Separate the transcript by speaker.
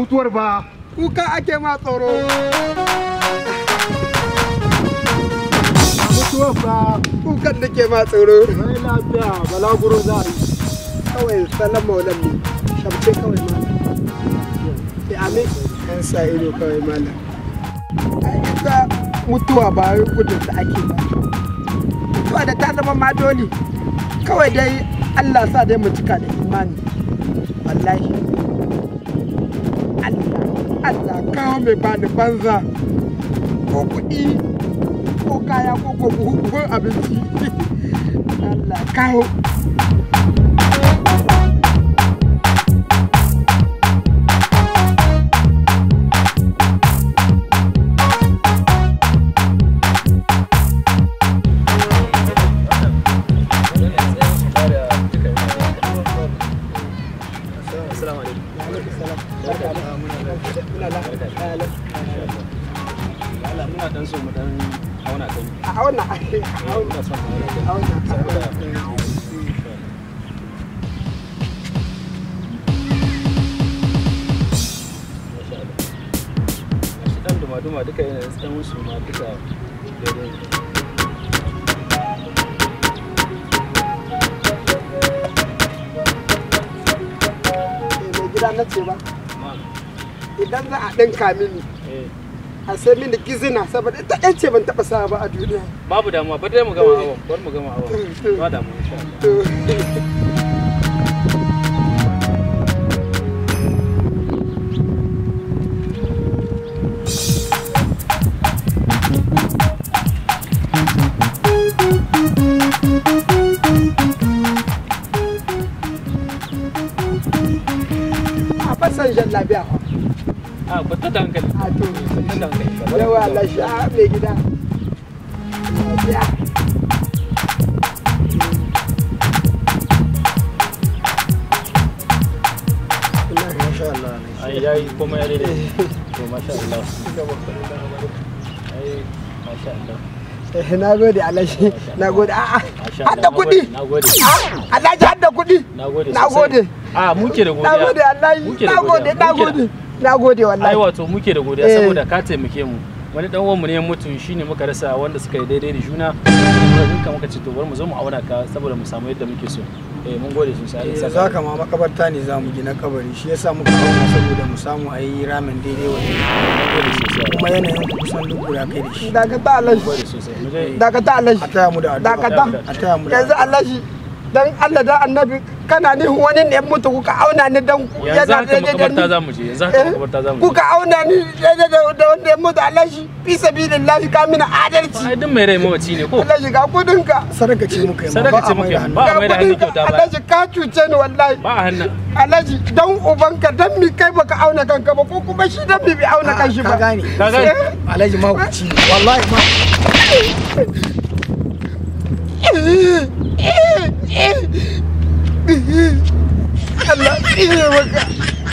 Speaker 1: mutuwar ba kuka ake ma tsoro mutuwar ba kukan da ke ma tsoro mai lafiya balaguro za a yi kawai salam maulan ne shamce kawai ma ya amin kan sa ido kawai ma malam ka mutuwa ba yi gudun ta ake ba mutuwa da ta zama ma dole kawai dai Allah sa dai mutuka da imani wallahi Allah kawo ba ni banza ko kuɗi ko kaya ko ko buhu abinci Allah kawo Allah dan so dan auna A auna a auna son duma duka yanayin tsawon su ma duka daidai gida na ce ba idan za a ɗinka mini eh. a sai mini gizina saboda ita ɗan ce ban taɓa sa ba a duniya babu damuwa bari mu gama awon bari mu gama awon ba damuwa insha Thank you. a fasan jan lafiya fa a kwata da a to yawa a mai gida lafiya kuma ya to masha Allah eh, masha Allah na gode ah, ah. na gode a'a kudi alhaji kudi na gode ah, a ah, muke da godiya nagode nagode wallahi ai wato muke da godiya eh. saboda ka taimake mu wani dan mu ne mutu shine muka rasa wanda suka yi daidai da juna kuma muka ce to bari mu zo mu ka saboda mu samu yadda muke so eh mun gode sosai eh, za ka ma makabarta ne za gina kabari shi yasa muka auna saboda mu samu a yi ramin daidai wani kuma yanayin ku kusan duk guda kai da shi daga ta daga ta alashi a taya mu da addu'a daga ta a da dan Allah da annabi kana ni wani ne mutu kuka auna ni dan da haka da za mu je yanzu haka eh? makabarta za mu kuka auna ni da wanda ya mutu Allah shi fi sabilillahi ka mina adalci ai duk mai rai mawaci ne ko Allah shi ga kudin ka sadaka ce muka sadaka ce muka ba mai da hannu kyauta ba Allah shi ka cuce ni wallahi ba hannu Allah shi dan ubanka dan mi kai baka auna kanka ba ko kuma shi dan bi bi auna kanshi ba ka gane ka gane Allah shi ma wallahi ma eh? Yeah.